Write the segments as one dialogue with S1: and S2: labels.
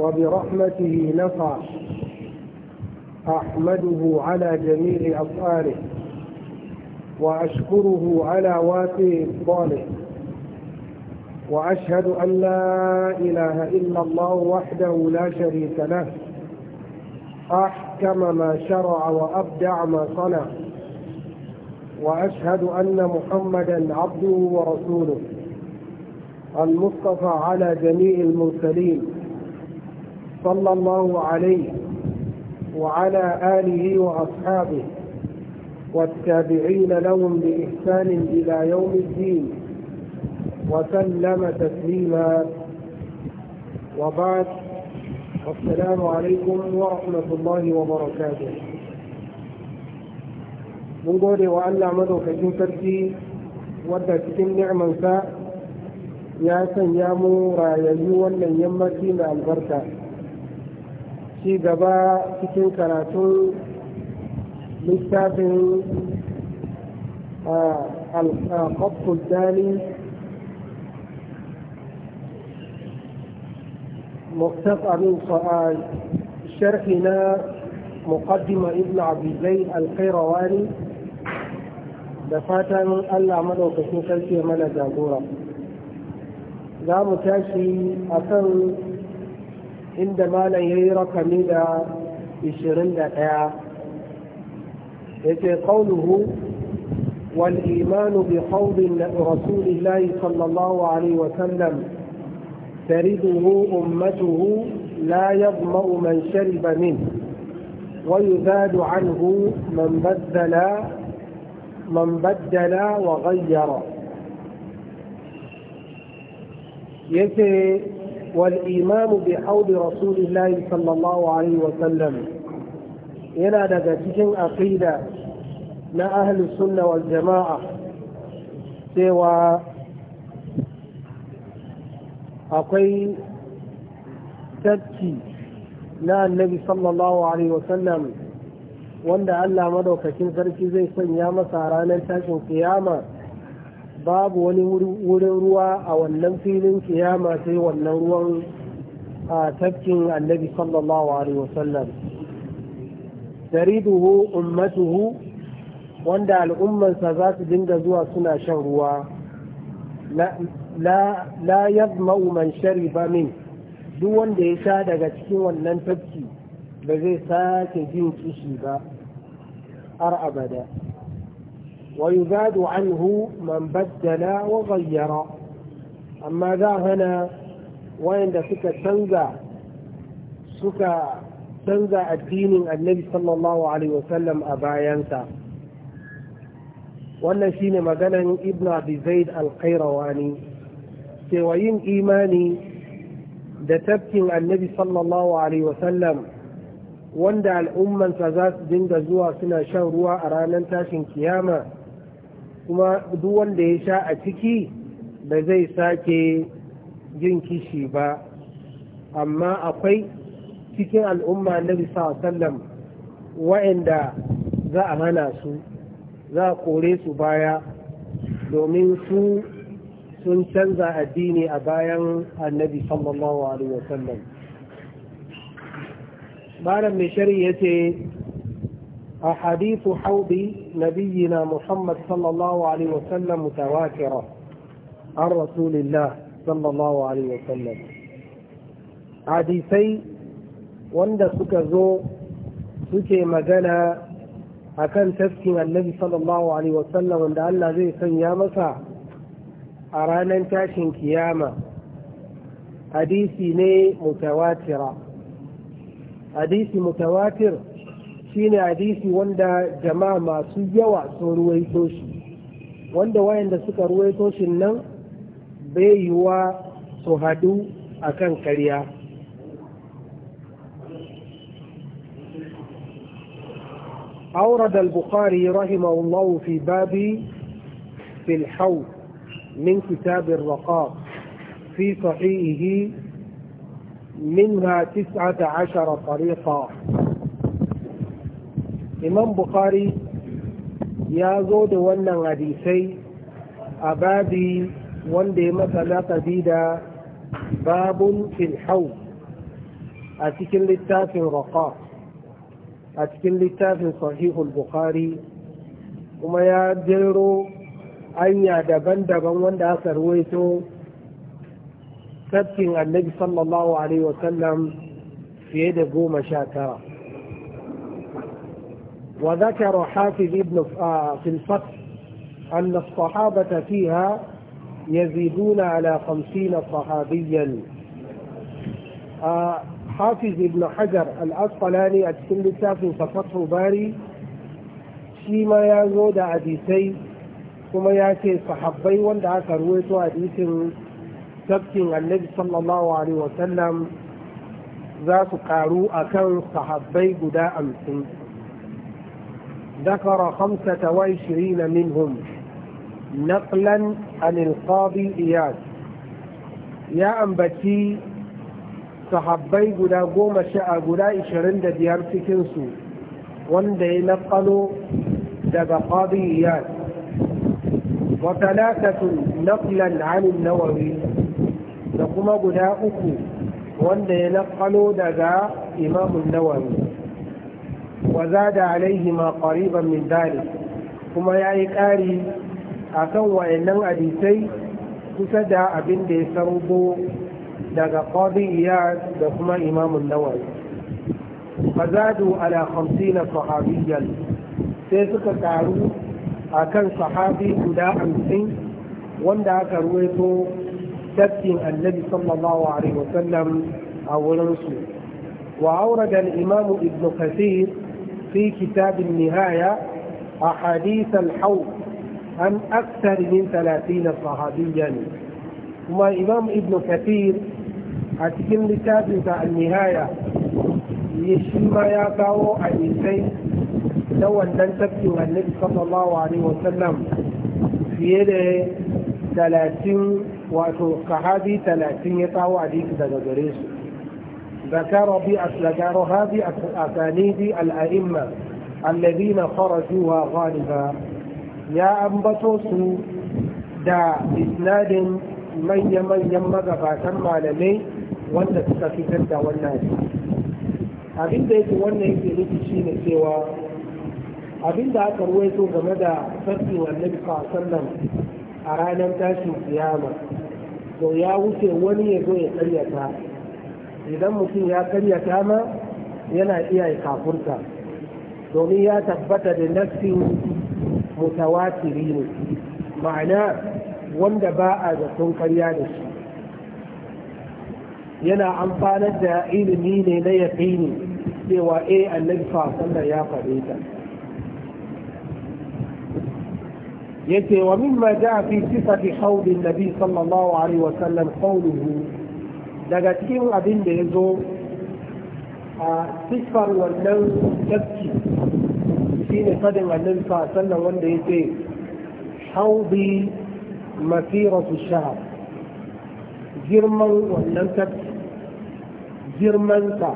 S1: وبرحمته نفع أحمده على جميع أفعاله وأشكره على واسع إفضاله وأشهد أن لا إله إلا الله وحده لا شريك له أحكم ما شرع وأبدع ما صنع وأشهد أن محمدا عبده ورسوله المصطفى على جميع المرسلين صلى الله عليه وعلى آله وأصحابه والتابعين لهم بإحسان إلى يوم الدين وسلم تسليما وبعد السلام عليكم ورحمة الله وبركاته mun gode wa Allah madaukakin sarki wadda cikin ni'amansa ya يا mu rayayyu wannan يمكي mai albarka ci gaba cikin karatun littafin القبط الثاني مقتطع من سؤال شرحنا مقدمة ابن عبد زيد القيرواني دفاتا ألا مدعو كشوكا في ملا جابورا لا تاشي أكن inda malam ya yi rakami da 21 yace qawluhu wal imanu bi qawli rasulillahi sallallahu alaihi wa sallam ترده أمته لا يظمأ من شرب منه ويزاد عنه من بدل من بدل وغير يتي والإيمان بحوض رسول الله صلى الله عليه وسلم ينا دقا تكن أقيدة نا أهل السنة والجماعة سوى أقي تبكي نا النبي صلى الله عليه وسلم wanda Allah madaukakin sarki zai sanya masa ranar tashin kiyama babu wani wurin ruwa a wannan filin kiyama sai wannan ruwan a tafkin annabi sallallahu alaihi wasallam tariduhu ummatuhu wanda al'ummansa za su dinga zuwa suna shan ruwa la yazma'u man shariba min duk wanda ya sha daga cikin wannan tafki ba zai sake jin kishi ba har abada ويباد عنه من بدل وغير أما ذا هنا وين سكا تنزع سكا تنزع الدين النبي صلى الله عليه وسلم أبا ينسى wannan shine maganar maganan ibn abi zaid al-qairawani cewa yin imani da tafkin annabi sallallahu wanda al'umman wanda za su dinga zuwa suna shan ruwa a ranar tashin kiyama kuma duk wanda ya sha a ciki ba zai sake jin kishi ba amma akwai cikin al'umma na bisa sallam wa'anda za a hana su za a kore su baya domin su sun canza addini a bayan annabi sallallahu alaihi wasallam malam mai shari'a ce أحاديث حوض نبينا محمد صلى الله عليه وسلم متواترة عن رسول الله صلى الله عليه وسلم حديثي وند سكزو سكي مجانا أكان تسكن النبي صلى الله عليه وسلم وند ألا زي سنيامسا أرانا انتاشن كياما حديثي متواترة حديث متواتر shine hadisi wanda jama'a masu yawa sun ruwaito shi wanda wayanda suka ruwaito shi nan bai yiwa su hadu a kan karya أورد البخاري رحمه الله في باب في الحوض من كتاب الرقاق في صحيحه منها تسعة عشر طريقة imam bukhari ya zo da wannan hadisai a babi wanda ya masa laƙabi da babun filhau a cikin littafin raka a cikin littafin sahihul bukhari kuma ya jero anya daban-daban wanda aka ruwaito tafkin annabi sallallahu alaihi wasallam fiye da goma sha tara وذكر حافظ ابن آه، في الفتح أن الصحابة فيها يزيدون على خمسين صحابيا آه، حافظ ابن حجر الأسقلاني أتسل في فتح باري شيما يزود عديثي ثم يأتي صحابي وندعى كرويت عديث تبكين النبي صلى الله عليه وسلم ذات قارو أكان صحابي قداء أمسين ذكر خمسة وعشرين منهم نقلا عن القاضي إياد يا أنبتي صحابي قدا قوم شاء قدا إشارين دا ديار سكنسو وان دا ينقلوا قاضي إياد وثلاثة نقلا عن النووي نقوم قدا أكو وان دا ينقلوا إمام النووي wa zada alaihima qariban min dhalik kuma yayi ƙari akan wayannan hadisai kusa da abin da ya sarbo daga qadi da kuma imamun nawawi fazadu ala 50 sahabiyan sai suka a akan sahabi guda 50 wanda aka ruwaito تبكي annabi صلى الله a wurinsu. أو ننسو وأورد الإمام في كتاب النهاية أحاديث الحوض عن أكثر من ثلاثين صحابيا وما إمام ابن كثير أتكلم لكتاب النهاية يشم يا كاو أديسي لو أن تبكي النبي صلى الله عليه وسلم في يده ثلاثين وأتوقع هذه ثلاثين يطاو أديك دقريسو ذكر بأسلقارها بأسانيد الأئمة الذين خرجوها غالبا يا أنبطوس دا إسناد من يمن يمد فاتم على مي وانا تتكتب دا وانا أبين بيت وانا يتلك الشين سوا أبين دا ترويتو غمدا فتي والنبي صلى الله عليه وسلم أرانا تاشي القيامة ويا وسي وني يقول يا idan mutum ya karya dama ma yana iya kafurta domin ya tabbata da nassin mutawatiri ne ma'ana wanda ba a zaton karya da shi yana amfanar da ilimi ne na yaƙini cewa eh annabi sallar ya faɗe ta yace wa mimma ja'a fi sifati hawlin nabi sallallahu alaihi wa qawluhu daga cikin abin da ya zo a siffar wannan tafki shi ne fadin annin sa sannan wanda ya ce mafi rasu shahar girman wannan tafki girmansa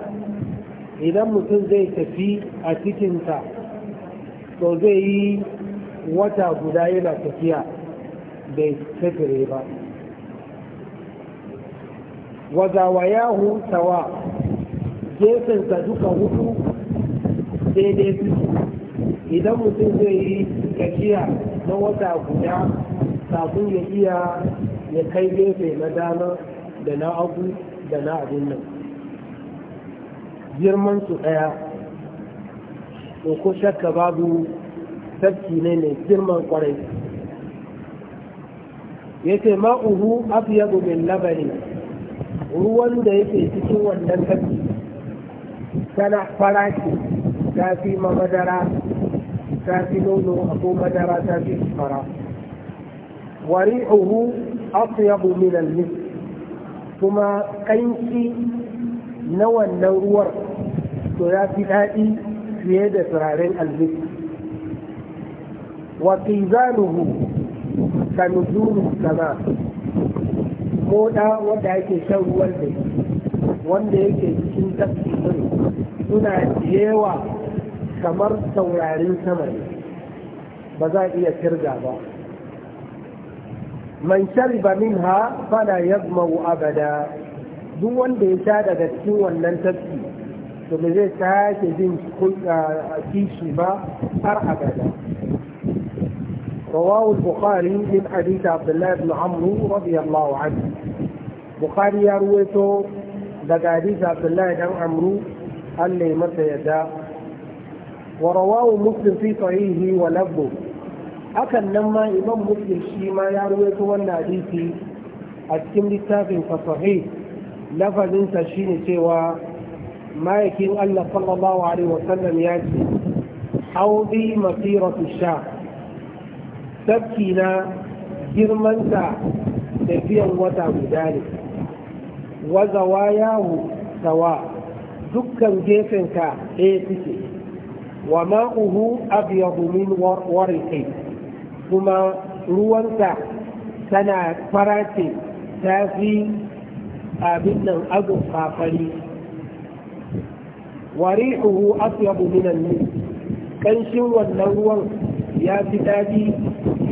S1: idan mutum zai tafi a cikinsa to zai yi wata guda yana tafiya bai tafire ba wa zawayahu sawa gefensa duka hudu daidai su idan mutum zai yi gajiya na wata guda kafin ya iya ya kai gefe na dama da na abu da na abin nan girman su ɗaya ko shakka babu tafki ne mai girman kwarai ya ce ma'uhu afiyadu min labarin ruwan da yake cikin wannan tafi tana farashi ta fi ma madara ta fi madara ta fi fara wari uhu aku ya bumi na kuma kanci na wannan ruwar to ya fi daɗi fiye da turaren alzik wa ƙizanuhu ka nuzuru sana'a moda wanda yake shan ruwan da wanda yake cikin tafsirin suna yawa kamar saurarin sama ne ba za a iya kirga ba man shariba minha fala yazmau abada duk wanda ya sha daga cikin wannan tafi to ba zai sake jin kishi ba har abada رواه البخاري من حديث عبد الله بن عمرو رضي الله عنه بخاري يرويته daga hadisi Abdullahi dan Amru Allah ya masa yadda wa rawahu Muslim fi sahihi wa labbu hakan nan ma Imam Muslim shi ya rawaito wannan hadisi a cikin littafin fa sahih lafazin sa shine cewa ma'aikin Allah sallallahu alaihi wa sallam ce masiratu sha tafki na girmanta da biyan wata guda ne wazawa yahu tawa dukkan gefenka ɗaya suke wa ma'uhu abyadu min warqi kuma ruwanta tana farace ta fi abin nan azurfa fari wari'uhu asyabu min an Kan kanshin wannan ruwan ya fi daɗi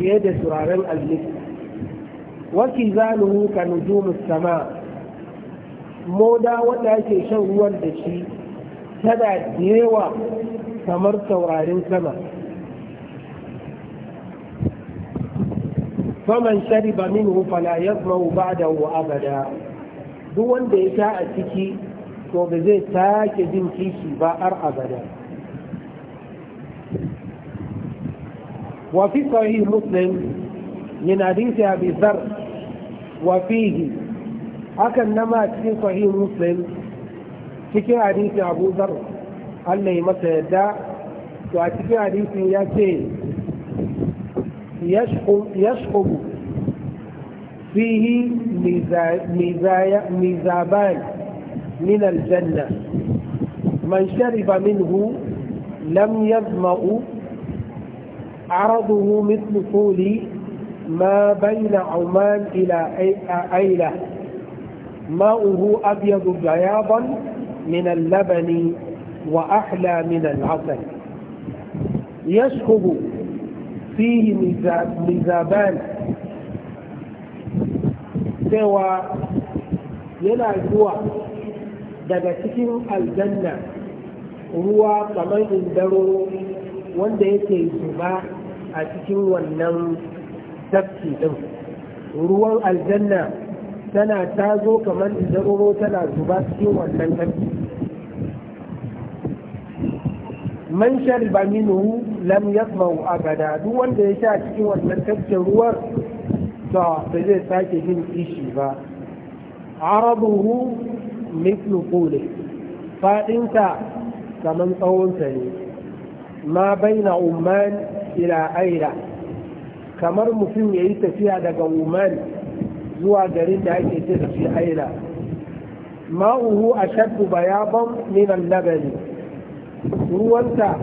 S1: fiye da turaren almis waki zanuhu ka nujumus sama moda wanda ke shan ruwan da shi tana da yawa kamar taurarin sama faman shariba minhu fala yasma'u ba'dahu abada duk wanda ya sha a ciki to ba zai sake jin kishi ba har abada وفي صحيح مسلم من حديث ابي ذر وفيه اكن نما في صحيح مسلم في حديث ابو ذر قال لي متى دا وفي حديث ياسين يشقب يشقب فيه ميزابان من الجنة من شرب منه لم يظمأ عرضه مثل طول ما بين عمان إلى أيلة ماؤه أبيض بياضا من اللبن وأحلى من العسل يشكب فيه مزابان سوى yana zuwa daga cikin aljanna ruwa kamar indaro wanda yake zuba a cikin wannan tafki ɗin ruwan aljanna tana ta zo kamar zaruro tana zuba cikin wannan tafki man shariba minhu lam yasma'u abada duk wanda ya sha cikin wannan tafkin ruwan to ba zai sake jin kishi ba arabuhu mithlu quli fadinta kamar tsawonsa ne ma baina umman ila aina kamar mutum ya yi tafiya daga woman zuwa garin da ake ce da shi aina ma'uhu a shaddu bayaban minan nagari ruwanta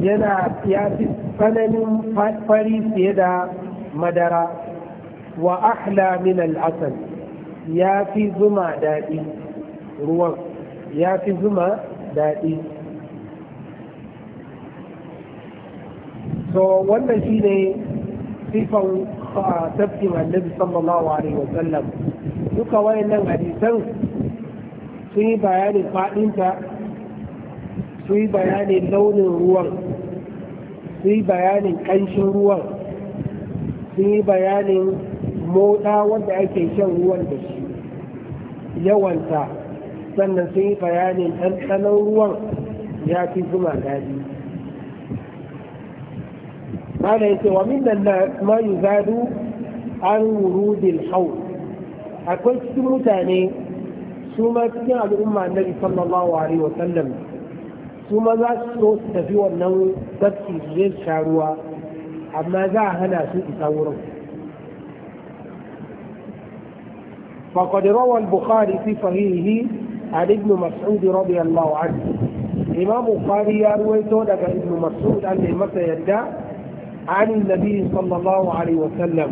S1: yana ya fi tsananin fari fiye da madara wa ahla min al'asal ya fi zuma daɗi ruwan ya fi zuma daɗi To wannan shi ne sifan tafkin annabi sallallahu alaihi sallam duka wayannan hadisan sun yi bayanin faɗinta sun yi bayanin launin ruwan sun yi bayanin ƙanshin ruwan sun yi bayanin moda wanda ake shan ruwan da shi yawanta sannan sun yi bayanin ɗanɗanon ruwan ya fi zuma daɗi ما لا الناس ما يزاد عن ورود الحوض أكويت سمو تاني سوما تكين على الأمة النبي صلى الله عليه وسلم سوما ذا سوس تفيو النوم تبكي غير شاروا أما ذا هنا سوء تصوره فقد روى البخاري في صحيحه عن ابن مسعود رضي الله عنه إمام البخاري يروي تولد ابن مسعود عن المسا يدعي عن النبي صلى الله عليه وسلم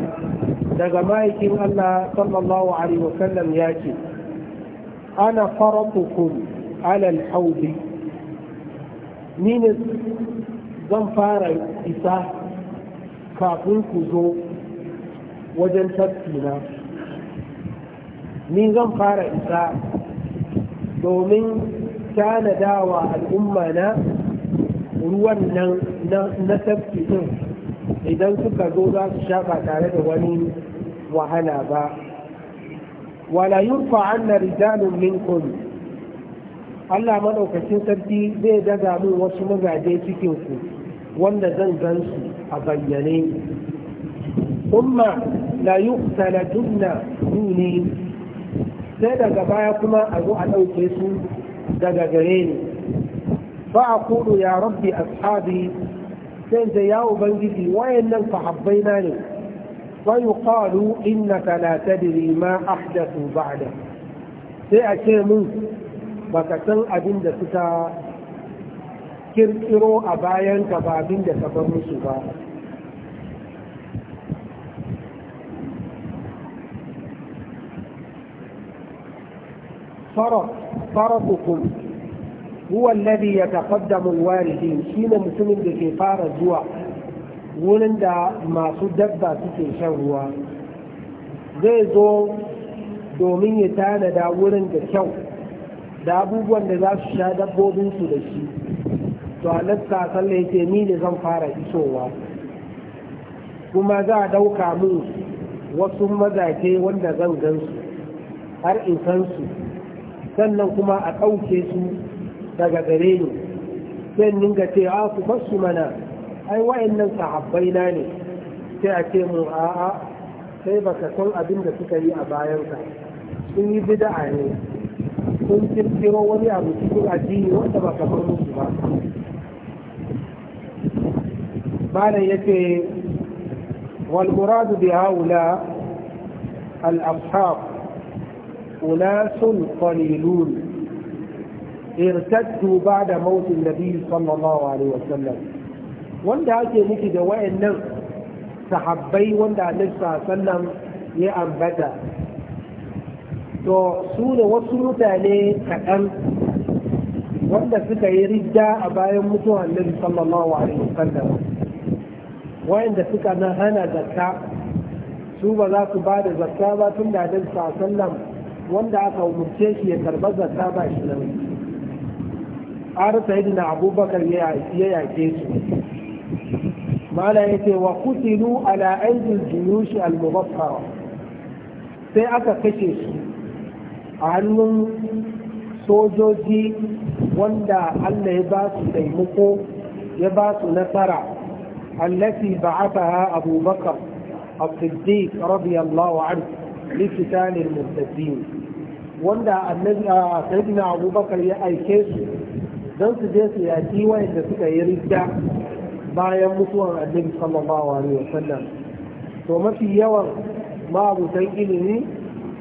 S1: daga ma'aikin Allah sallallahu alaihi wasallam ya ce ana faratukum alal haudi ni ne zan fara isa kafin ku zo wajen tafsina ni zan fara isa domin tanadawa al'umma na ruwan nan na tafsirin idan suka zo za su sha ba tare da wani wahala ba wala yurfa anna rijalun minkum Allah madaukakin sarki zai daga mu wasu mazaje cikin ku wanda zan gan su a bayyane umma la na duni sai daga baya kuma a zo a ɗauke su daga gare ni fa aqulu ya rabbi ashabi sai ya ubangiji wayannan sahabbai na ne fa yuqalu innaka la tadri ma ahdathu ba'da sai a ce mun baka san abin da suka kirkiro a bayan ka ba abin da ka bar musu ba فرق فرقكم huwa alladhi yataqaddamu alwaridin shine mutumin da ke fara zuwa wurin da masu dabba suke shan ruwa zai zo domin ya tanada wurin da kyau da abubuwan da za su sha dabbobinsu da shi to halatta sallah ya ni ne zan fara isowa kuma za a ɗauka mun wasu mazaje wanda zan gansu har in san su sannan kuma a ɗauke su daga gare ni sai ninga ce a su basu mana ai wayannan sahabbai na ne sai a ce mu a a sai ba ka san abin da suka yi a bayanka sun yi bid'a ne sun kirkiro wani abu cikin addini wanda ba ka kamar musu ba malam yace wal muradu bi haula al ashab unasun qalilun irtaddu ba'da mautin nabi sallallahu alaihi wasallam wanda ake nufi da wayannan sahabbai wanda annabi sallallahu ya ambata to su ne wasu mutane kaɗan wanda suka yi ridda a bayan mutuwar annabi sallallahu alaihi wasallam wayanda suka na hana zakka su ba za su ba da zakka ba tun da annabi sallallahu wanda aka umurce shi ya karba zakka ba shi nan har sayidina abubakar ya yake su mala ya ce wa kutilu ala aidin juyushi al-mubaffara sai aka kashe su a hannun sojoji wanda Allah ya ba su taimako ya ba su nasara allati ba'athaha abubakar as-siddiq radiyallahu anhu li qitalil murtadin wanda annabi sayyidina abubakar ya aike su don su je su yaƙi wayanda suka yi ridda bayan mutuwan annabi sallallahu alaihi wasallam to mafi yawan san ilimi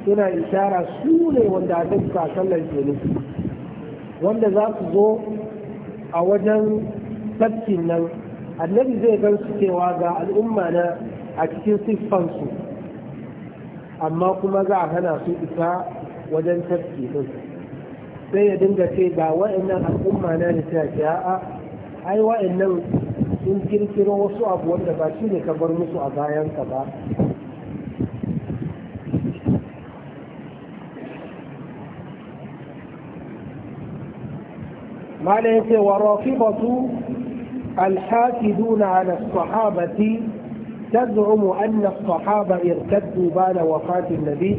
S1: suna ishara su ne wanda duk sallan ke nufi wanda za su zo a wajen tafkin nan annabi zai gan su cewa ga al'umma na a cikin siffansu amma kuma za a hana su isa wajen tafki din sai ya dinga ce ga wa'annan al'umma na ne sai ce a'a ai wa'annan sun kirkiro wasu abu wanda ba shi ne ka bar musu a bayanka ba معنى يتي ورافضة الحاسدون على الصحابة تزعم أن الصحابة ارتدوا بعد وفاة النبي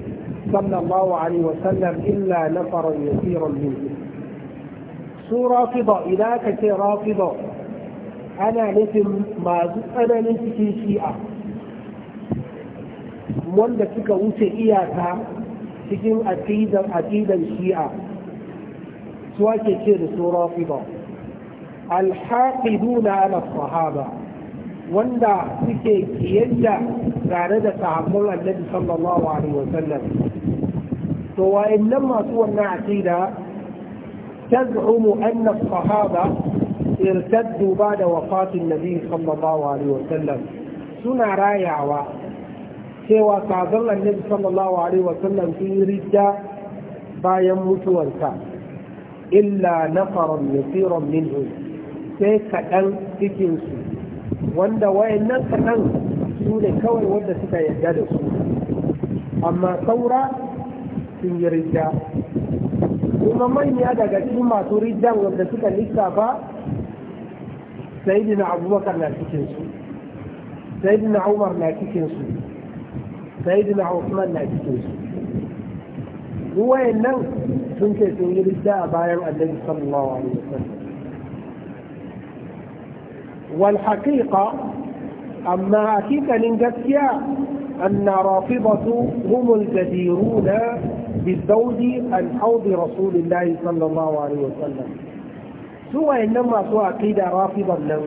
S1: صلى الله عليه وسلم إلا نفرا يسيرا منهم سو رافضة إلا كتي رافضة أنا نسم ما زد أنا نسكي شيئا من دفك وسئياتا سكين أكيدا أكيدا شيئا سوى كتير سو رافضة الحاقدون على الصحابة وندا سكي كيجا تعرض تعمل النبي صلى الله عليه وسلم to wa'annan masu wannan aqida تزعم أن الصحابة ارتدوا بعد وفاة النبي صلى الله عليه وسلم سنة رايعة سوى صادر النبي صلى الله عليه وسلم في ردة bayan mutuwarsa illa nafaran yasiran minhu sai kaɗan cikinsu wanda wayannan kaɗan su ne kawai wanda suka yarda da su amma saura sun yi ridda kuma manya daga cikin masu riddan wanda suka lissafa sayidina abubakar na cikinsu sayidina umar na cikinsu sayidina usman na cikinsu ruwayen nan sun ce sun yi ridda a bayan annabi sallallahu alaihi wasallam والحقيقة أما حقيقة لنجسيا أن رافضة هم الجديرون بالزوج عن حوض رسول الله صلى الله عليه وسلم سوى إنما سوى عقيدة رافضا له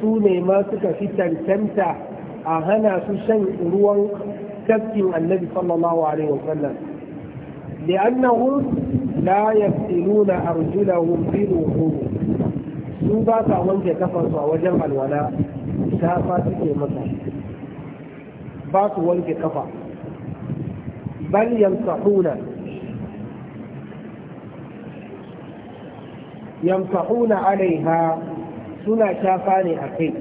S1: سوى ما سكى في تمتع أهنا سشن روان تبكي النبي صلى الله عليه وسلم لأنهم لا يفتلون أرجلهم في الوحوم سوى تعوانك كفر وجمع الولاء شافاتك مكة باك وانك كفر bal yamsahuna yamsahuna alaiha suna shafa ne a kai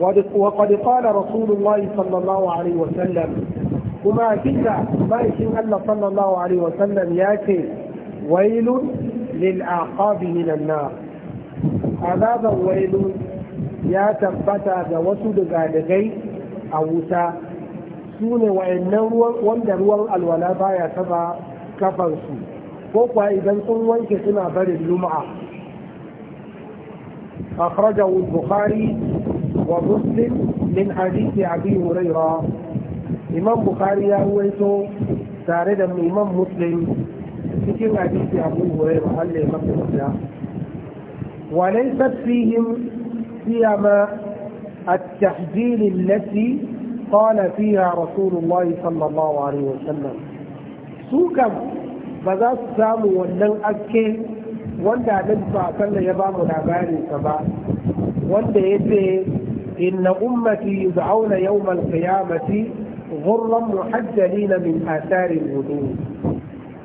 S1: وقد قال رسول الله صلى الله عليه وسلم كما كنت ما يشين الله صلى الله عليه وسلم ياتي ويل للأعقاب من النار عذاب ويل يا تبتا جوسد غادغي أوسا su ne wa'annan wanda ruwan alwala baya taba kafansu ko kuwa idan sun wanke suna barin luma'a أخرجه البخاري ومسلم من حديث أبي هريرة إمام بخاري أويته تاردا من إمام مسلم في حديث أبو هريرة قال لي إمام وليست فيهم سيما التحجيل التي قال فيها رسول الله صلى الله عليه وسلم سوكم بذات سام ولن أكي wanda nan ba sallah ya bamu labarin sa ba wanda yace inna ummati yuz'auna yawm al-qiyamati ghurran muhajjalin min athar na wudu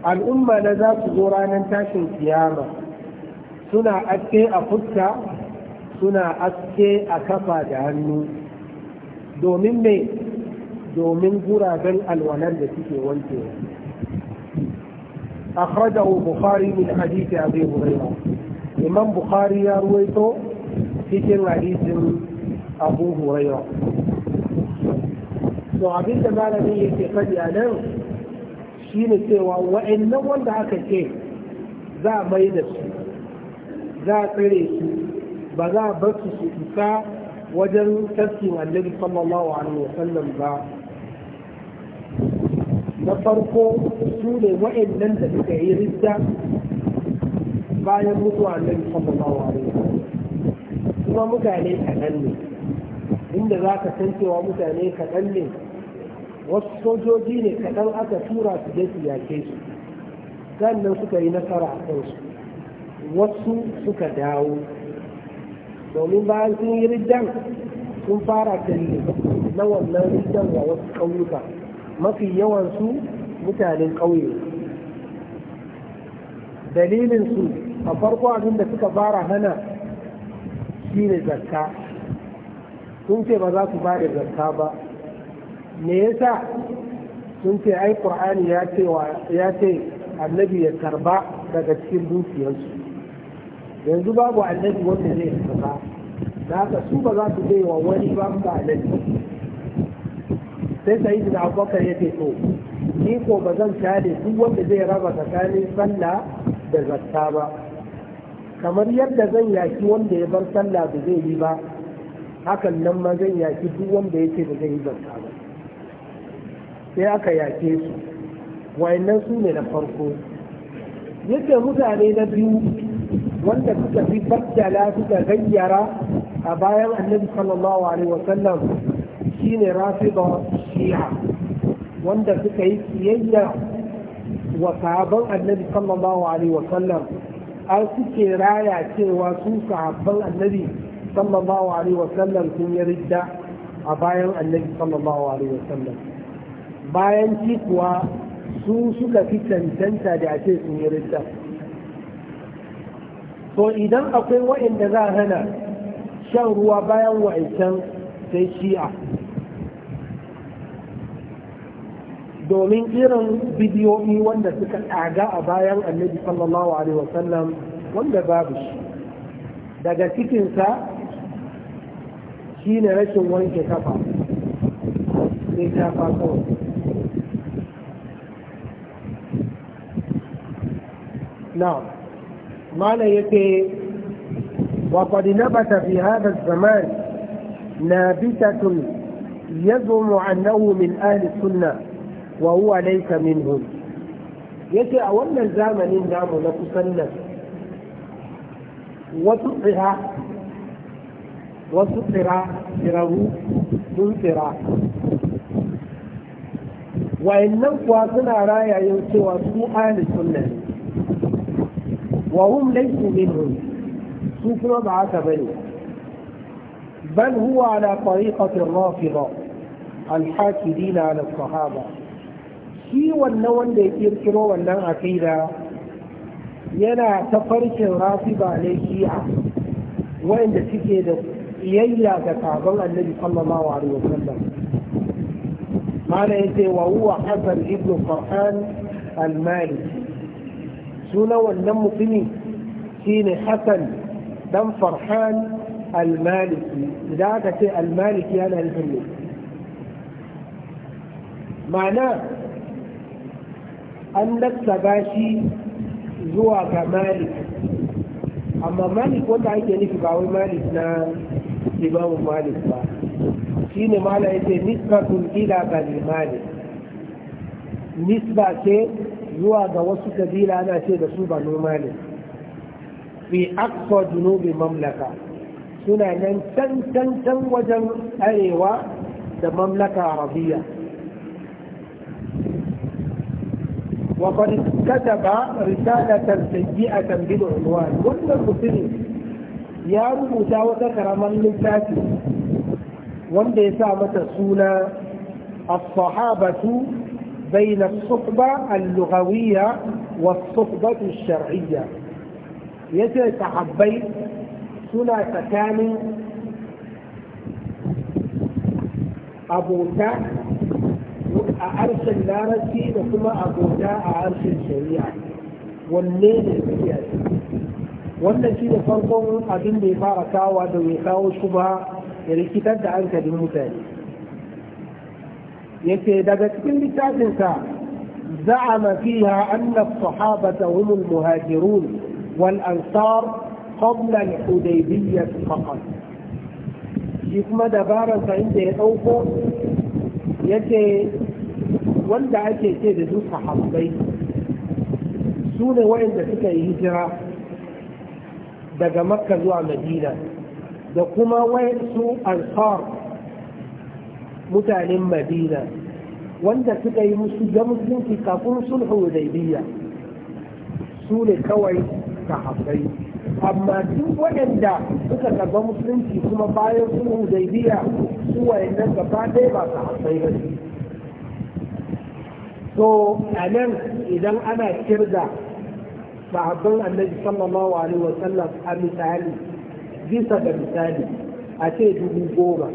S1: al-umma za su zo ranar tashin kiyama suna aske a fuska suna aske a kafa da hannu domin me domin guraben alwanar da suke wanke wankewa أخرجه البخاري من حديث أبي هريرة إمام ya رويته في حديث أبو هريرة to abin da malamin yake faɗi a nan shi ne cewa wa'annan wanda aka ce za a mai da su za a tsire su ba za a bar su su isa wajen tafkin annabi sallallahu alaihi wa sallam ba na farko su ne wa'annan da suka yi ridda bayan mutuwa annabi sallallahu alaihi wa sallam kuma mutane kaɗan ne inda za ka san cewa mutane kaɗan ne wasu sojoji ne kaɗan aka tura su je su yake su sannan suka yi nasara a kansu wasu suka dawo domin bayan sun yi riddan sun fara kalli na wannan riddan wa wasu ƙauyuka mafi yawansu mutanen ƙauye dalilinsu a farko abin da suka fara hana shi ne zakka sun ce ba za su ba da zakka ba me yasa sun ce ai qur'ani ya ce annabi ya karba daga cikin dukiyarsu yanzu babu annabi wanda zai fita da haka su ba za su zai wa wani ba ba annabi sai sai da abubakar ya ce to ni ko ba zan tare duk wanda zai raba tsakanin sallah da zakka ba kamar yadda zan yaki wanda ya bar sallah da zai yi ba hakan nan ma zan yaki duk wanda yake da zai yi zakka ba sai aka yake su wayannan su ne na farko yake mutane na biyu wanda suka fi baddala suka gayyara a bayan annabi sallallahu alaihi wasallam shine rafida shi'a wanda suka yi kiyayya wa sahabban annabi sallallahu alaihi wasallam an suke raya cewa su sahabban annabi sallallahu alaihi wasallam sun yi ridda a bayan annabi sallallahu alaihi wasallam bayan ci kuwa su suka fi cancanta da ake sun yi ridda to idan akwai waɗanda za hana shan ruwa bayan wa'ancan sai shi'a domin irin bidiyoyi wanda suka ɗaga a bayan annabi sallallahu alaihi wasallam wanda babu shi daga cikinsa shi ne rashin wanke kafa sai ta kawai na'am malam yake وقد نبت في هذا الزمان نابتة يزعم أنه من أهل السنة وهو ليس منهم yake a wannan zamanin namu na kusan nan wasu tsira wasu tsira tsiraru sun tsira wayannan kuwa suna rayayen cewa su ahli suna. ne وهم ليسوا منهم شوف وضعك بني بل هو على طريقة الرافضة الحاكدين على الصحابة في والنوان ليكير كيرو والنان أكيدا ينا تفرش الرافضة ليشيع وإن تكيد إيلا تتعظم النبي صلى الله عليه وسلم معنى إنسي وهو حسن ابن القرآن المالكي سنة والنمقني سين حسن دم فرحان المالكي إذا أتت المالكي أنا الفني معناه أن التباشي زوى كمالك أما مالك وانت عايز يعني في قاوي مالك نام إمام مالك با سين مالك نسبة إلى بني مالك نسبة كيف zuwa ga wasu kabila ana ce da su ba noma ne fi aksa junubi mamlaka suna nan can can can wajen arewa da mamlaka arabiya wa kataba risalatan sayyi'atan bil unwan wannan mutum ya rubuta wata karaman littafi wanda ya sa mata suna الصحابة بين الصحبة اللغوية والصحبة الشرعية ب ة ا ل ل غ و ثلاثه كامل أ ب و ت لارسي وثم أبو ب أرسل شريعه والليل ا ل ي ا ت و ا ل ن ت ي ج ة فرضه ادم ب ف يعني كتبت عنك بمثال ي yake daga cikin littafinsa za'ama fiha anna as-sahabata hum al-muhajirun wal ansar qabla al-hudaybiyyah faqat shi kuma dabaran sa inda ya dauko yace wanda ake ce da su sahabbai su ne wayanda suka yi hijira daga makka zuwa madina da kuma wayansu ansar mutanen madina wanda suka yi musu ga musulunci kafin sulhu hudaybiya su ne kawai sahabbai amma duk waɗanda suka karba musulunci kuma bayan sulhu hudaybiya su wayannan gaba ɗaya ba sahabbai ba to a nan idan ana kirga sahabban annabi sallallahu alaihi wasallam a misali bisa ga misali a ce dubu goma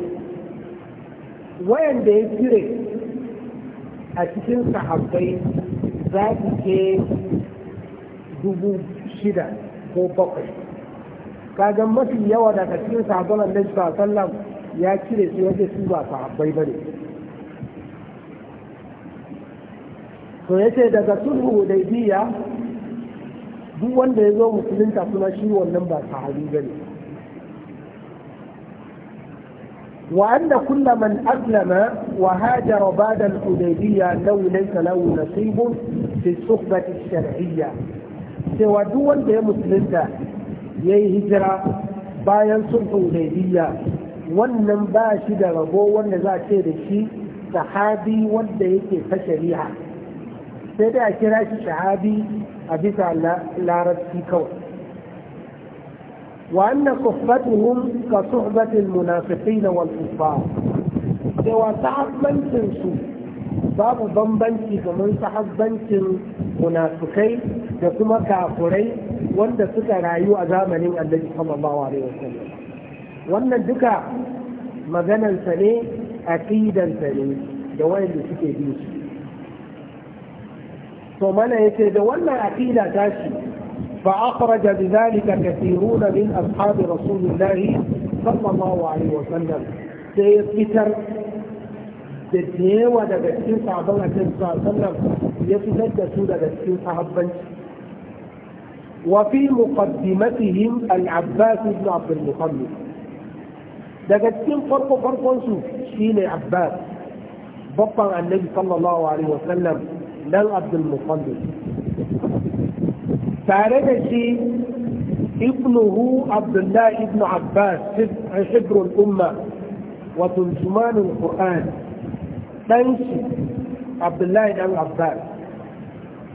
S1: Wayan da ya cire a cikin sahabbai za su ke dubu shida ko bakwai kaga mafi yawa daga cikin sahabban annabi sallallahu ya cire su yake su ba sahabbai bane to yace daga sulhu hudaybiya duk wanda ya zo musulunta kuma shi wannan ba sahabi bane وأن كل من أسلم وهاجر بعد الحديبية لو ليس له نصيب في الصحبة الشرعية سوى دول بين مسلمين يهي هجرة بين صلح الحديبية ونن باشد ربو ونن ذاكي رشي صحابي ونديك فشريعة. سيدي أشراش شعابي أبيت على لا في كوت وأن صحبتهم كصحبة المنافقين والكفار سوى صحبا تنسو باب بنبنتي كمن صحبنتي منافقين كما كافرين wanda suka rayu a zamanin annabi sallallahu alaihi wasallam wannan duka maganansa ne aqidansa ne da wanda suke bin to mana yace da wannan aqida ta فأخرج بذلك كثيرون من أصحاب رسول الله صلى الله عليه وسلم سيد بيتر بالديوه لبكتير صعب الله صلى الله عليه وسلم يتجدد سوده بكتير صعب وفي مقدمتهم العباس بن عبد المطلب لكن فرق فرق انسوك شين عباس بطل النبي صلى الله عليه وسلم لا عبد المطلب tare da shi ابنه عبد الله ابن عباس حبر الأمة وترجمان القرآن تنشي عبد الله بن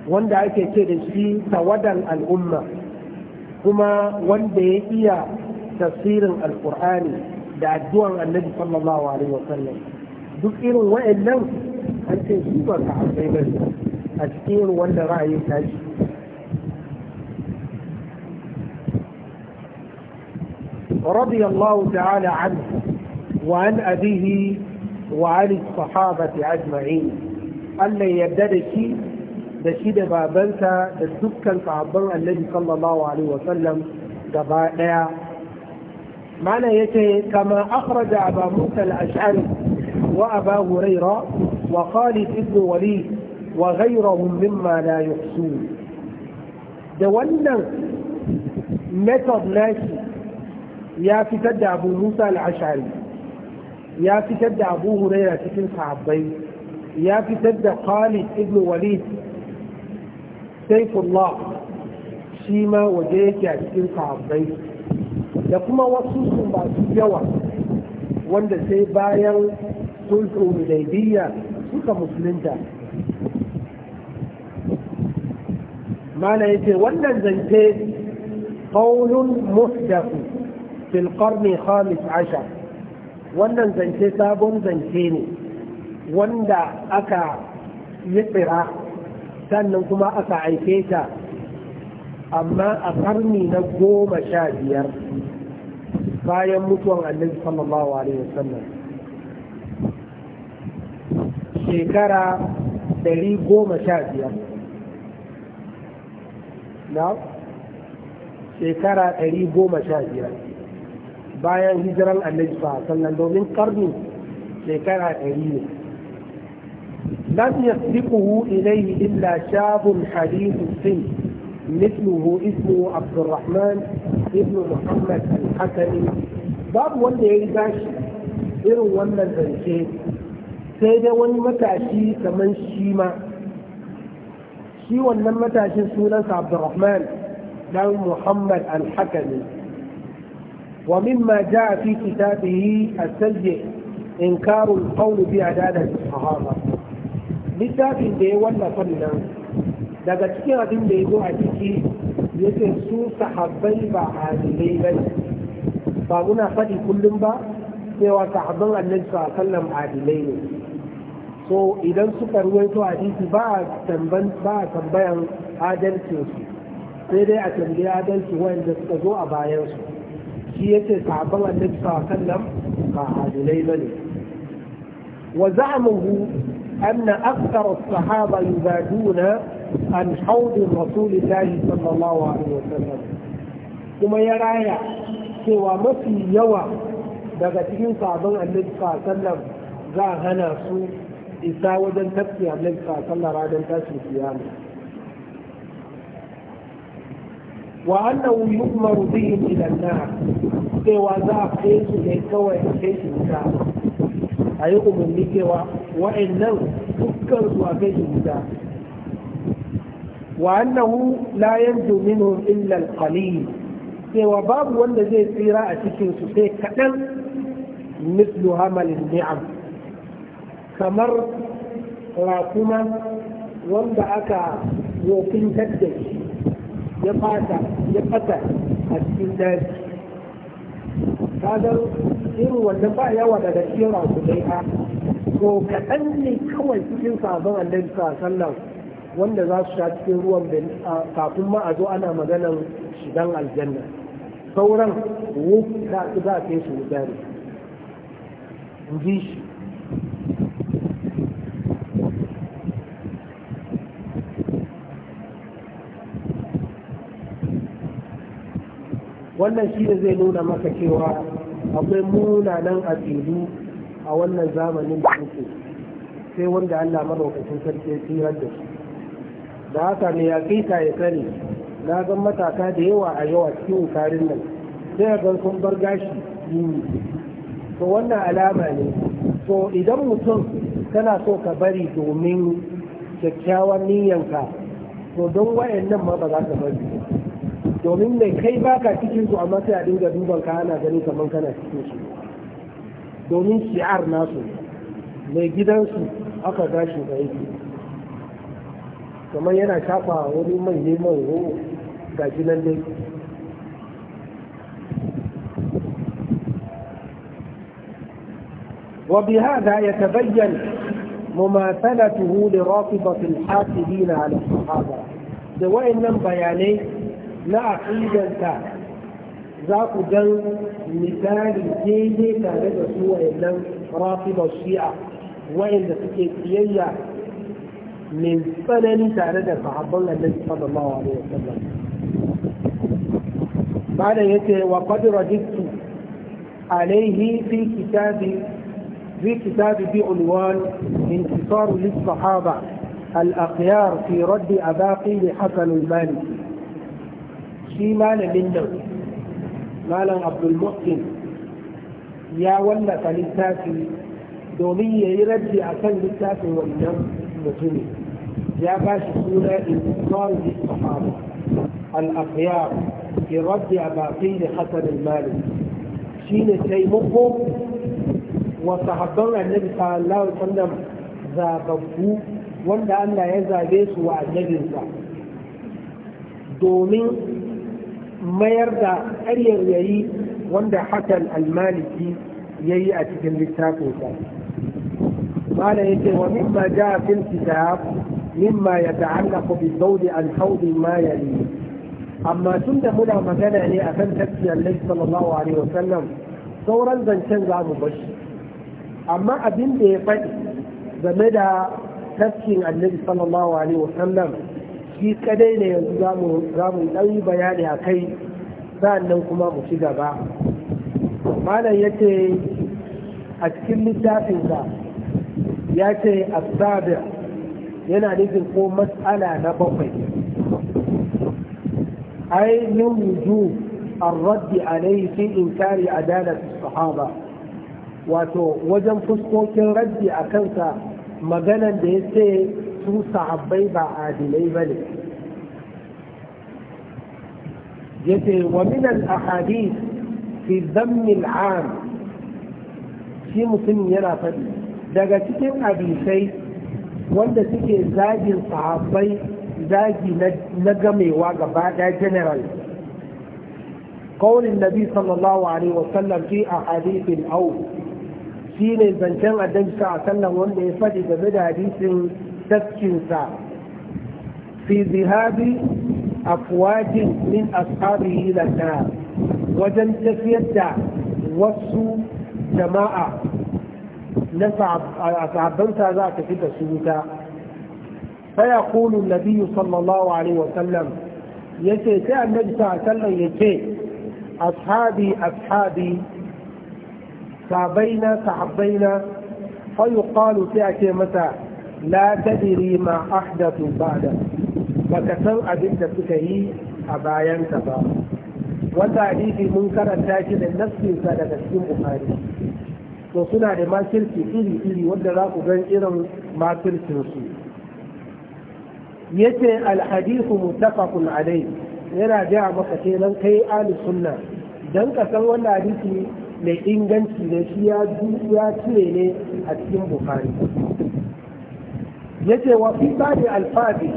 S1: wanda ake ce da shi tawadan al'umma kuma wanda ya iya tafsirin alkur'ani da addu'an annabi sallallahu alaihi wasallam duk irin wa'annan an ce su ba ka a cikin wanda ra'ayin tashi رضي الله تعالى عنه وعن أبيه وعن الصحابة أجمعين ألا يبدأ شيء ده شيء ده بابنسى الذي صلى الله عليه وسلم تبعنا معنى يتي كما أخرج أبا موسى الأشعري وأبا هريرة وخالد ابن وليد وغيرهم مما لا يحسون ده ولا نتب ناشي ya fitar da abu musa al'ashari ya fitar da abu huraira cikin sahabbai ya fitar da khalid ibn walid saifullah shi ma waje yake a cikin sahabbai da kuma wasu su masu yawa wanda sai bayan sulhu hudaybiyya suka musulunta mana yace wannan zance qaulun muhdathu في القرن الخامس عشر wannan zance sabon zance ne wanda aka yi tsira sannan kuma aka aike ta amma a karni na goma sha biyar bayan mutuwan annabi sallallahu alaihi wasallam shekara ɗari goma sha biyar na shekara ɗari goma sha biyar bayan hijiran annabi ba sannan domin karni shekara ɗari ne lam yasbiquhu ilayhi illa shabun hadithun sin مثله اسمه عبد الرحمن ابن محمد الحكمي باب wanda ya riga shi irin wannan zance sai dai wani matashi kamar shi ma shi wannan matashin sunansa Abdurrahman dan Muhammad al-Hakami ومما جاء في كتابه السجع إنكار القول بعدالة الصحابة littafin da ya wallafa nan daga cikin abin da ya zo a ciki ya ce su sahabai ba adilai ba ba muna faɗi kullum ba cewa sahabban annabi sallam adilai ne so idan suka ruwaito hadisi ba a tambayan adalcinsu sai dai a tambayi adalci wanda suka zo a bayansu kiyete sahabban annabi sallallahu alaihi wasallam ba hadilai bane وزعمه أن أكثر الصحابة يبادون عن حوض الرسول الله صلى الله عليه وسلم ثم يرى سوى مفي يوى بغى تكين صعبان النبي صلى الله عليه وسلم ذا هنا سوء إساوة تبكي النبي صلى الله عليه وسلم wa annahu yu'maru bihim ila an za a kai su ne kawai a kai su wuta a yi umarni cewa wa'annan dukkan su a kai su wuta wa annahu la yanju minhum illa babu wanda zai tsira a cikin su sai kaɗan mislu hamalin kamar rakuma wanda aka wofintar da ya fata ya fata a cikin daji kadar irin wanda ba yawa daga cikin dai ha ko kaɗan ne kawai cikin sabon a sallan wanda za su sha cikin ruwan kafin ma a zo ana maganar shigan aljanna sauran wuka za a kai su wuta in ji shi wannan shi da zai nuna maka cewa akwai munanan aƙidu a wannan zamanin da suke sai wanda Allah maɗaukacin sarki ya tsirar da su da haka ne ya ta ya sani na ga matasa da yawa a yawa cikin karin nan sai zan sun bar gashi yini to wannan alama ne to idan mutum tana so ka bari domin kyakkyawan niyyanka to don wayannan ma ba za ka bari ba domin mai kai baka cikin su amma sai a dinga duban ka ana gani kamar kana cikin su domin shi'ar nasu mai gidansu aka gashi da yake kamar yana shafa wani mai neman ho ga gidan dai وبهذا يتبين مماثلته لرافضة الحاسدين على الصحابة da wayannan bayanai na aƙidanta za ku dan misali daidai tare da su wa'annan rafibar shi'a wa'anda suke tsiyayya mai tsanani tare da sahabban annabi sallallahu alaihi wasallam bada yace wa qad raditu alaihi fi kitabi في كتاب بعنوان انتصار للصحابة الأخيار في رد أباقيل حسن المالكي shi malamin nan malam abdulmuhsin ya wallafa littafi domin ya yi rabbi a kan littafin wannan mutumi ya ba shi suna intisar da sahaba al-akhyar rabbi a baƙi da hasan malam shi ne taimako wa sahabban annabi sallallahu alaihi wasallam zababbu wanda Allah ya zabe su wa annabinsa domin mayar da ƙaryar yayi wanda hakan almaliki ya yi a cikin littafinsa mala yake wa mimma ja fil kitab mimma ya yata'allaqu bi zawdi an hawdi ma yali amma tunda muna magana ne akan tafsir Allah sallallahu alaihi wasallam sauran zancen za mu bashi amma abin da ya faɗi game da tafkin annabi sallallahu alaihi wasallam shi kadai ne yanzu za mu ɗan yi bayani a kai nan kuma mu ci gaba malam ya ce a cikin littafinsa ya ce asabir yana nufin ko matsala na bakwai ai min wuju الرد عليه في إنكار عدالة sahaba wato wajen fuskokin raddi a kansa maganan da ya ce su sahabbai ba adilai ba ne yace wa min al-ahadith fi dhamm al-am shi mutum yana faɗi daga cikin hadisai wanda suke zagin sahabbai zagi na gamewa gaba ɗaya general قول النبي صلى الله عليه وسلم في أحاديث الأول شين زنشان الدم ساعة سلم وانده يفدي da حديث تبكي وتعب في ذهاب أفواج من أصحابه إلى النار وتنتف يدع وصو جماعة نفع عبدالله في تسوتا فيقول النبي صلى الله عليه وسلم يسيتا النبي صلى الله عليه وسلم يسي أصحابي أصحابي صعبين صعبين فيقال تأتي متى la tadiri ma ahdathu ba'da baka san abin da suka yi a bayanka ba wanda hadisi mun karanta shi da nafsinsa daga cikin buhari to suna da makirci iri-iri wanda za ku gan irin makircinsu yace alhadisu mutafaqun alai yana da maka kenan kai Ali sunna dan ka san wannan hadisi mai inganci ne shi ya cire ne a cikin buhari. yace wa fi bani alfadi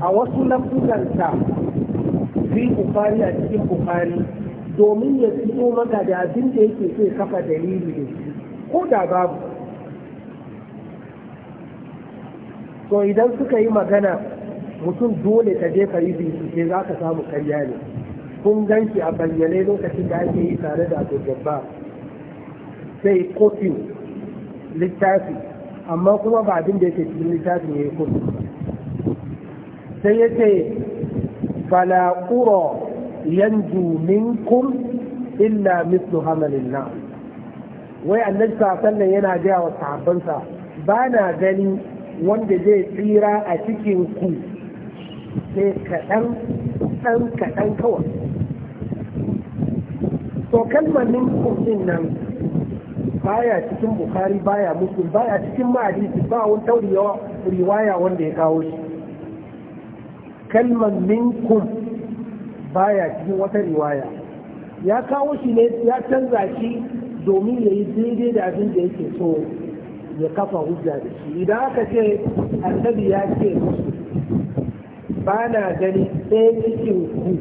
S1: a wasu lafuzanta fi bukari a cikin bukari domin ya fito maka da abin da yake sai kafa dalili da shi ko da babu to idan suka yi magana mutum dole ka je ka yi bincike za ka samu karya ne kun gan shi a bayyane lokacin da ake yi tare da abdul sai kofin littafi amma kuma ba abin da yake cikin littafin ya yi ba. sai ya ce fala ƙuro yanzu minkum illa mislu hamalin na wai annabi sallan yana gaya wa sahabbansa ba na gani wanda zai tsira a cikin ku sai kaɗan ɗan kaɗan kawai to kalmar minkum nan baya cikin bukari baya muslim baya cikin ma'adisi ba wani riwaya wanda ya kawo shi kalman minkum baya cikin wata riwaya ya kawo shi ne ya canza shi domin ya yi daidai da abin da yake so ya kafa hujja da shi idan aka ce annabi ya ce musu ba na gani ɗaya cikin ku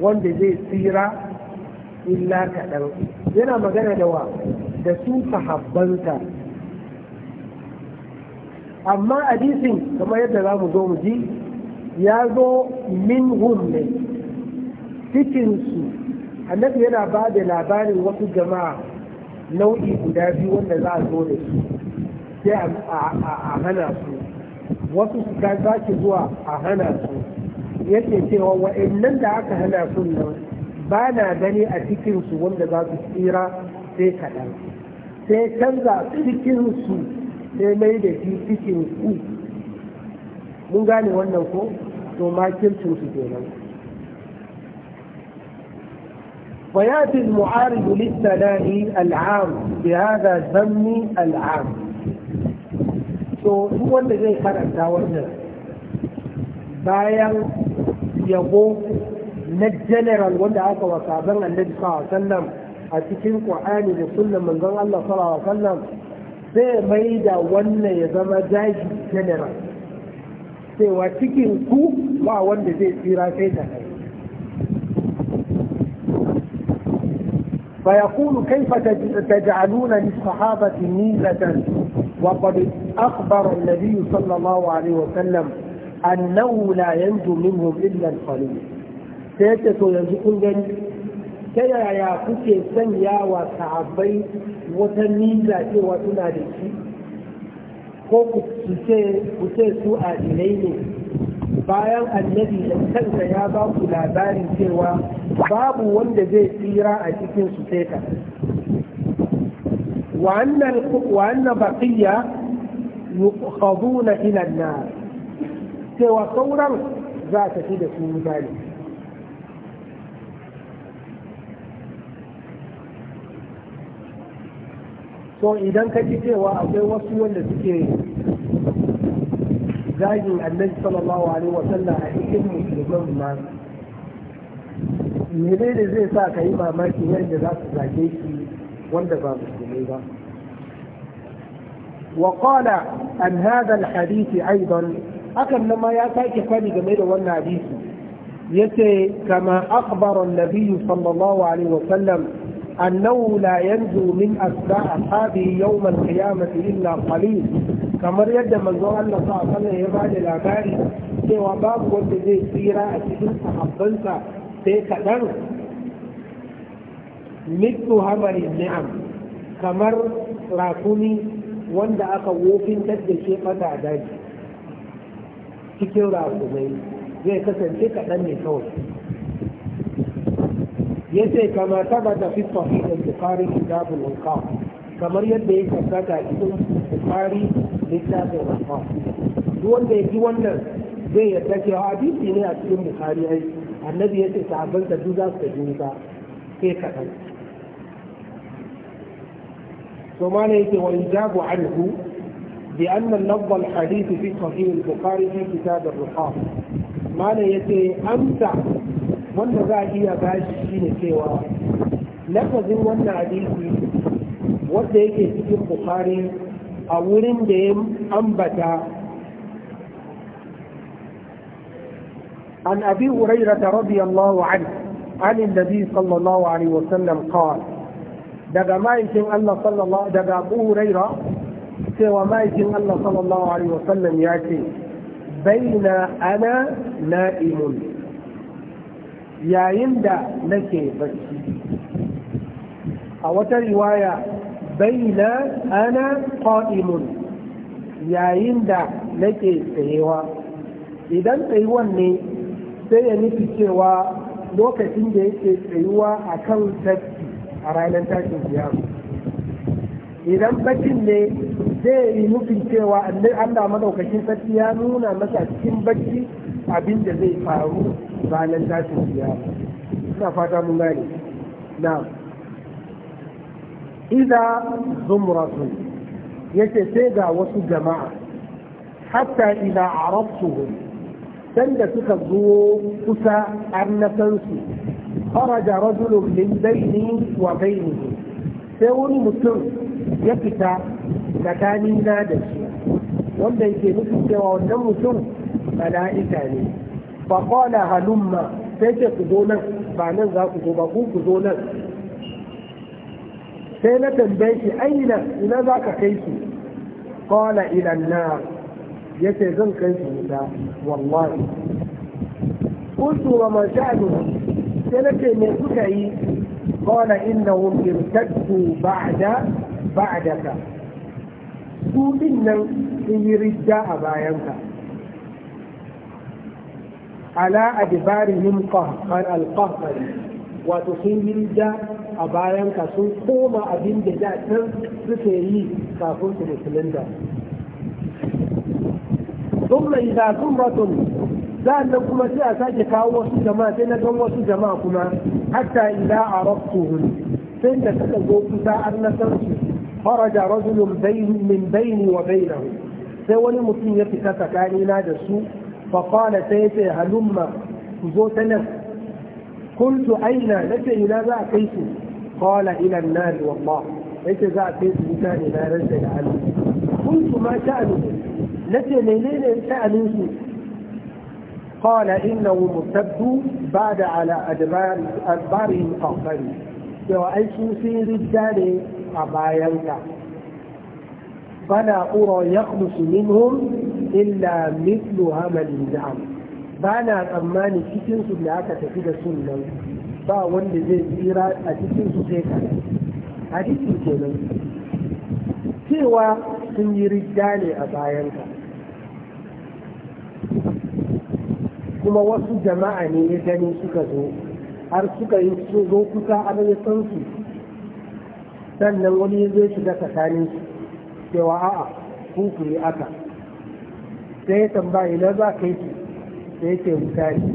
S1: wanda zai tsira illa kaɗan yana magana da wa da su sahabbanka amma hadisin kuma yadda za mu zo mu ji ya zo minhum ne cikinsu annabi yana ba da labarin wasu jama'a nau'i guda biyu wanda za a zo da su sai a hana su wasu su ka zaki zuwa a hana su yake cewa wa'annan da aka hana su nan ba na gani a cikinsu wanda za su tsira sai kaɗan sai canza cikinsu sai mai da shi cikin ku mun gane wannan ko to makircin su kenan وياتي المعارض للثناء العام بهذا الذم العام to duk wanda zai karanta wannan bayan yabo na general wanda aka wa sabon annabi sallallahu alaihi wasallam a cikin ƙwa'ani da sunan manzon Allah sallallahu alaihi wasallam sai mai da wannan ya zama daji general cewa cikin ku ba wanda zai tsira sai da kai فيقول كيف تجعلون للصحابة ميزة وقد أخبر النبي صلى الله عليه وسلم أنه لا ينجو منهم إلا القليل سيتسو ينجو كل ta yaya kuke sanya wa sahabbai wata niza cewa suna da shi ko ku ce su adilai ne bayan annabi da kansa ya ba ku labarin cewa babu wanda zai tsira a cikin su sai ka wa'annan baƙiyya yukhaduna ila nar cewa sauran za ta fi da su So idan ka ji cewa akwai wasu wanda suke zagin annabi sallallahu alaihi wa sallam a cikin musulman ma mene zai sa ka yi mamaki yadda za su zage shi wanda ba musulmi ba wa qala an hadha al hadith aidan akan nan ma ya sake kwani game da wannan hadisi yace kama akhbara an nabi sallallahu alaihi أنه لا ينجو من أتباع أصحابه يوم القيامة إلا قليل kamar yadda manzon Allah sa sallan ya ba da labari cewa babu wanda zai tsira a cikin sahabbansa sai kaɗan mitu hamari ni'am kamar rakuni wanda aka wofin da ke fata daji cikin rakunai zai kasance kaɗan ne kawai yace kama tabata fi sahih al-bukhari kitab al-wiqaf kamar yadda ya tabbata cikin bukhari littafin al-wiqaf duk wanda ya ji wannan zai yarda cewa hadisi ne a cikin bukhari ai annabi yace sahabban da duk za su ji ba sai kaɗan to mana yake wa injabu anhu بأن اللفظ الحديث في صحيح Bukhari, في kitab al ما mana yace amsa. wanda za a iya bashi shi ne cewa lafazin wannan hadisi wanda yake cikin bukari a wurin da ya ambata an abi هريرة ta radiyallahu an عن النبي صلى الله عليه وسلم قال daga ma'aikin Allah sallallahu daga Abu Huraira cewa ma'aikin Allah sallallahu alaihi wasallam ya ce baina ana na'imun yayin da nake bacci a wata riwaya baina ana qa'imun yayin da nake tsayewa idan tsayuwan ne sai ya nufi cewa lokacin da yake tsayuwa a kan tafi a ranar tashin kiyama idan bakin ne zai yi nufin cewa allah maɗaukacin sarki ya nuna masa cikin bacci abin da zai faru ranar tashin kiyama ina fata mun gane na idza zumratun yace sai ga wasu jama'a hatta idza arabtuhum sanda suka zo kusa annatansu خرج رجل من بيني وبينه sai wani mutum ya fita tsakanin na da shi wanda yake nufin cewa wannan mutum mala'ika ne fa qala halumma sai ce ku zo nan ba nan za ku zo ba ku ku zo nan sai na tambaye shi aina ina za ka kai su qala ila na, nar yace zan kai su wuta wallahi kuntu wa man sha'anu sai na ce me suka yi qala innahum irtaddu ba'da ba'daka su din nan sun yi rijja a bayanka على أدبارهم قهر القهر وتصين جلد أبايا كسون قوم أبين جزاء بسيري كافون تلسلندا ثم إذا زمرة لأنكم كما جاء ساجك أوسو جماعة سينا جماعة كما حتى إذا عرفتهم سينا تتقوك ساعة نسرش خرج رجل بين من بيني وبينه سيولي مطيني كتكاني نادسو فقال سيتي هلم زوت نف قلت أين لك إلى ذا كيف قال إلى النار والله ليس ذا كيف كان إلى رجل علي قلت ما شأنه لك ليلين شأنه قال إنه مرتد بعد على أدبار أدبارهم قهقري وأي في رجال أبايانك فلا أرى يخلص منهم illa mislu hamalin da'am ba na tsammani cikin su da aka tafi da sun ba wanda zai tsira a cikin su sai kaɗan hadisi kenan cewa sun yi rigya ne a bayan ka. kuma wasu jama'a ne ya gani suka zo har suka yi su zo kusa a ya san su sannan wani ya zai shiga tsakanin su cewa a'a kun ku yi aka sai ya tambaya ina za ka yi sai ce wuta ne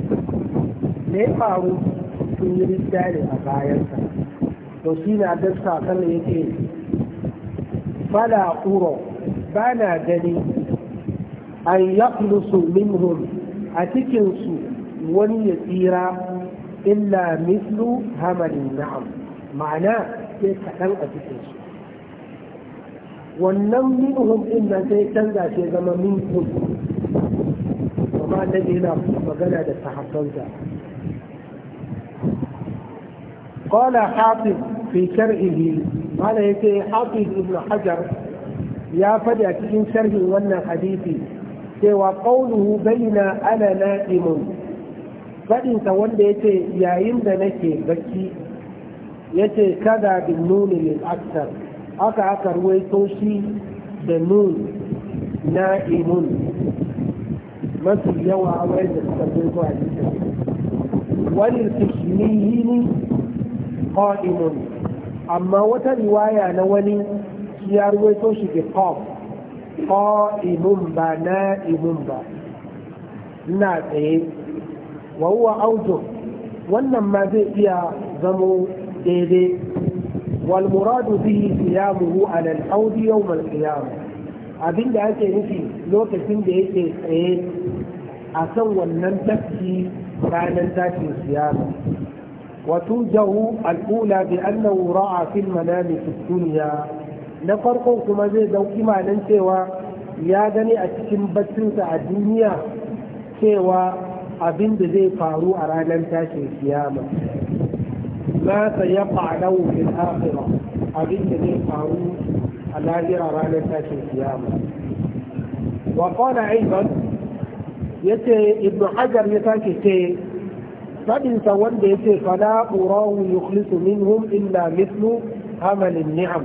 S1: me ya faru sun yi ridda ne a bayansa to shi na dasa kallon ya ce fala uro ba na gani an yaklusu minhum a cikin su wani ya tsira illa mislu hamalin na'am ma'ana sai kaɗan a cikin su wannan minhum din nan sai canza shi zama minkum amma annabi yana magana da sahabbansa قال حافظ في شرعه قال يتي حافظ ابن حجر يا فدا cikin sharhin wannan hadisi cewa qawluhu baina ana na'imun fadin ta wanda yace yayin da nake bacci yace kada bin nuni lil akthar aka aka ruwaito shi da nun na imun mafi yawa a wayar da suka ruwaito a jikin wani ko qa'imun amma wata riwaya na wani shi ya ruwaito shi da ko qa'imun ba na imun ba na tsaye wa wuwa wannan ma zai iya zamo daidai والمراد به صيامه على الحوض يوم القيامة abin da ake nufi lokacin da yake tsaye akan wannan tafki ranar tashin siyasa wato jahu al'ula bi annahu ra'a fil manami fi duniya na farko kuma zai dauki malan cewa ya gani a cikin baccinsa a duniya cewa abin da zai faru a ranar tashin siyama ما سيقع له في الآخرة أبن ذي قارون الذي أراد تاشي القيامة وقال أيضا يتي ابن حجر يتاكي تي فمن سوان يتي فلا أراه يخلص منهم إلا مثل همل النعم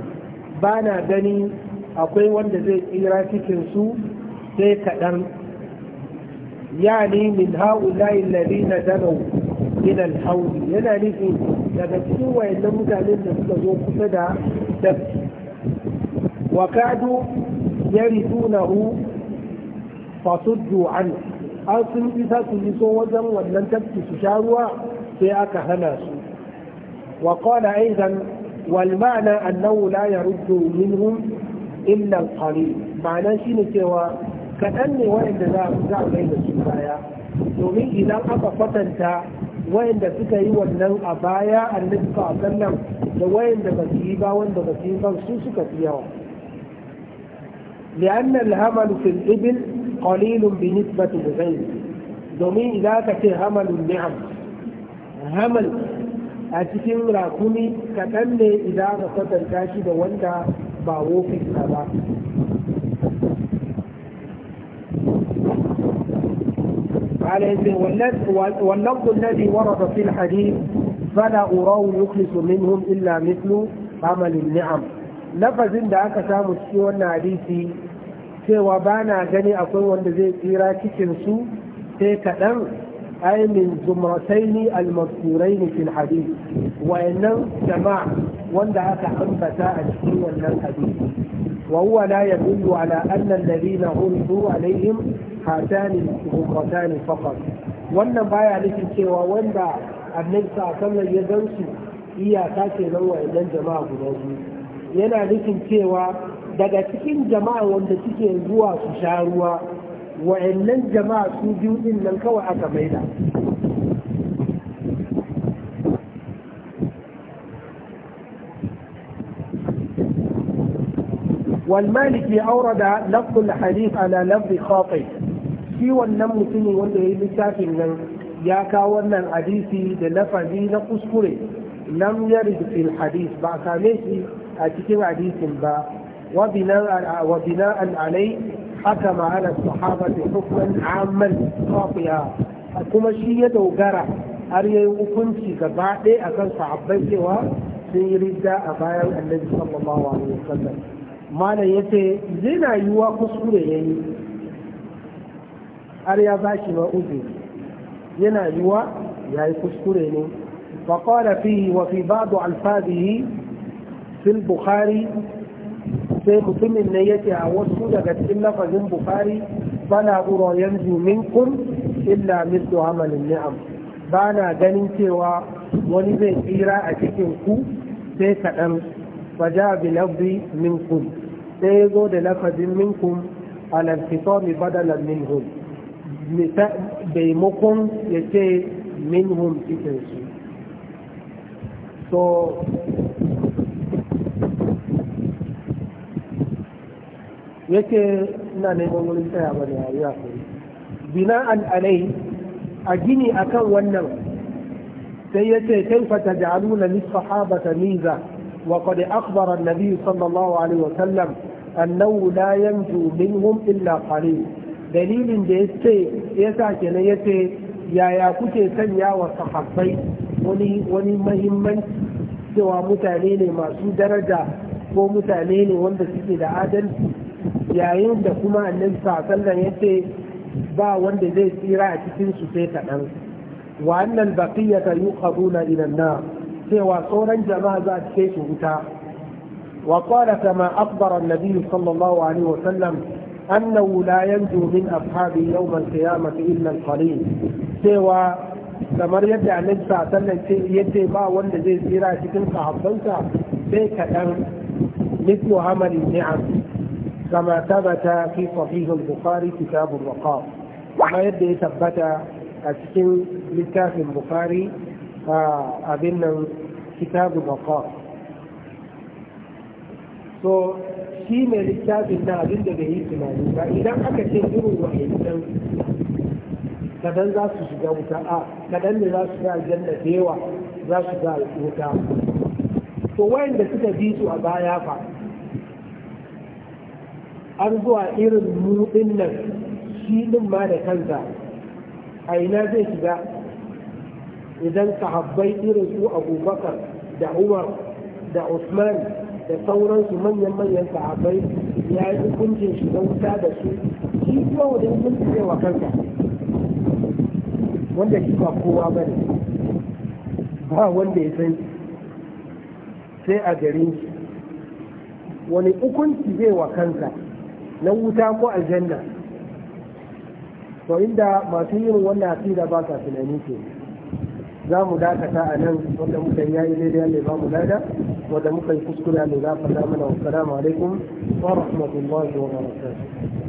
S1: بانا دني akwai wanda zai tsira cikinsu sai kaɗan yani min ha'ula'i lalina danau min alhauli yana nufin daga cikin wayannan mutanen da suka zo kusa da tafki wa kadu yarithunahu fasuddu an an sun isa su yi so wajen wannan tafki su sha ruwa sai aka hana su wa qala aidan wal ma'na annahu la yaruddu minhum illa al qalil ma'ana shine cewa kadan ne wayanda za a mai da su baya domin idan aka kwatanta wayanda suka yi wannan a baya annabi sallam da wayanda ba su ba wanda ba su su suka fi yawa لأن الهمل في الإبل قليل بنسبة الغيب domin idan ka ce hamalun hamal a cikin raƙumi kaɗan ne idan ka kwatanta shi da wanda ba wofin ba عليه الدين واللفظ الذي ورد في الحديث فلا أراه يخلص منهم إلا مثل عمل النعم لفظ إن أكا سامو السيوة الناديسي سيوة بانا جني أقول وانا زي تيرا كتنسو تيكا لن أي من زمرتين المذكورين في الحديث وإن جماع وانا أكا أنبتا السيوة الناديسي وهو لا يدل على أن الذين غرسوا عليهم هاتان غمرتان فقط wannan baya nufin cewa wanda annabi sallallahu ya gansu iyaka ce nan wa'annan jama'a guda biyu yana nufin cewa daga cikin jama'a wanda suke zuwa su sha ruwa wa'annan jama'a su biyu din nan kawai aka maida والمالكي أورد لفظ الحديث على لفظ خاطئ shi wannan mutumin wanda ya yi littafin nan ya kawo wannan hadisi da lafazi na kuskure lam yarid fil hadis ba same shi a cikin hadisin ba wa bina'an alai haka ma da sahabati Amal amman safiya kuma shi ya dogara har yi hukunci gaba ɗaya akan sahabbai cewa sun yi ridda a bayan annabi sallallahu alaihi wasallam malam yace zai na yiwa kuskure yayi har ya ba shi ma uzuri yana yiwa ya yi kuskure ne faƙwada fi wa fi ba fil bukhari sai mutumin ne yake a wasu daga cikin lafazin bukhari na uro yanzu minkum illa mislu hamalin ni'am ba na ganin cewa wani zai tsira a cikin ku sai kaɗan faja bi lafzi minkum sai ya zo da lafazin minkum al-alfitomi badalan minhum maimakon ya ce minhum cikinsu so yake ina neman wurin tsaya ba da yariya bina'an alai a gini akan wannan sai ya ce kai yace kaifa taj'aluna lis-sahabata miza wa qad akhbara an-nabiy sallallahu alaihi wa sallam annahu la yanju minhum illa qalil dalilin da ya ce ya sa kenan ya ce yaya kuke sanya wa sahabbai wani wani mahimmanci cewa mutane ne masu daraja ko mutane ne wanda suke da adalci yayin da kuma annabi sallallahu ya ce ba wanda zai tsira a cikin su sai kaɗan wa annal baqiyata yuqaduna ila idan nar cewa sauran jama'a za su kai su wuta wa ma kama akbara sallallahu alaihi wa sallam annahu la yanzu min ashabi yawmal qiyamati illa al-qalil cewa kamar yadda annabi sallallahu alaihi yace ba wanda zai tsira cikin sahabbansa sai kadan mithlu hamal ni'am kama tabata fi sahih al-bukhari kitab al-waqaf kuma yadda ya tabbata a cikin littafin bukhari abin nan kitab al-waqaf so shi mai littafin na abin da bai yi tunani ba idan aka ce irin wa'annan kadan za su shiga wuta a kadan ne za su ga aljanna da yawa za su ga wuta to wayanda suka bi su a baya fa an zuwa irin nuɗin nan shi ɗin ma da kansa a ina zai shiga idan sahabbai irin su abubakar da umar da usman da sauransu manyan manyan sahabbai ya yi hukuncin shi don wuta da su shi kuma wajen hukunci wa kanka wanda shi ba kowa ba ne ba wanda ya san sai a garin shi wani hukunci zai wa kanka na wuta ko aljanna to inda masu yin wannan asira ba sa tunani ke za mu dakata a nan wanda muka yi yayi daidai Allah ba mu lada wanda muka yi kuskure Allah ya fada mana wa assalamu alaikum wa rahmatullahi wa barakatuh